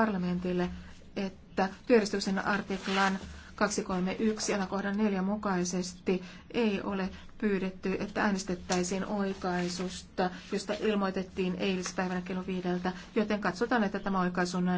parlamentille, että työjärjestyksen artiklan 231 alakohdan 4 mukaisesti ei ole pyydetty, että äänestettäisiin oikaisusta, josta ilmoitettiin eilispäivänä kello viideltä, joten katsotaan, että tämä oikaisu on näin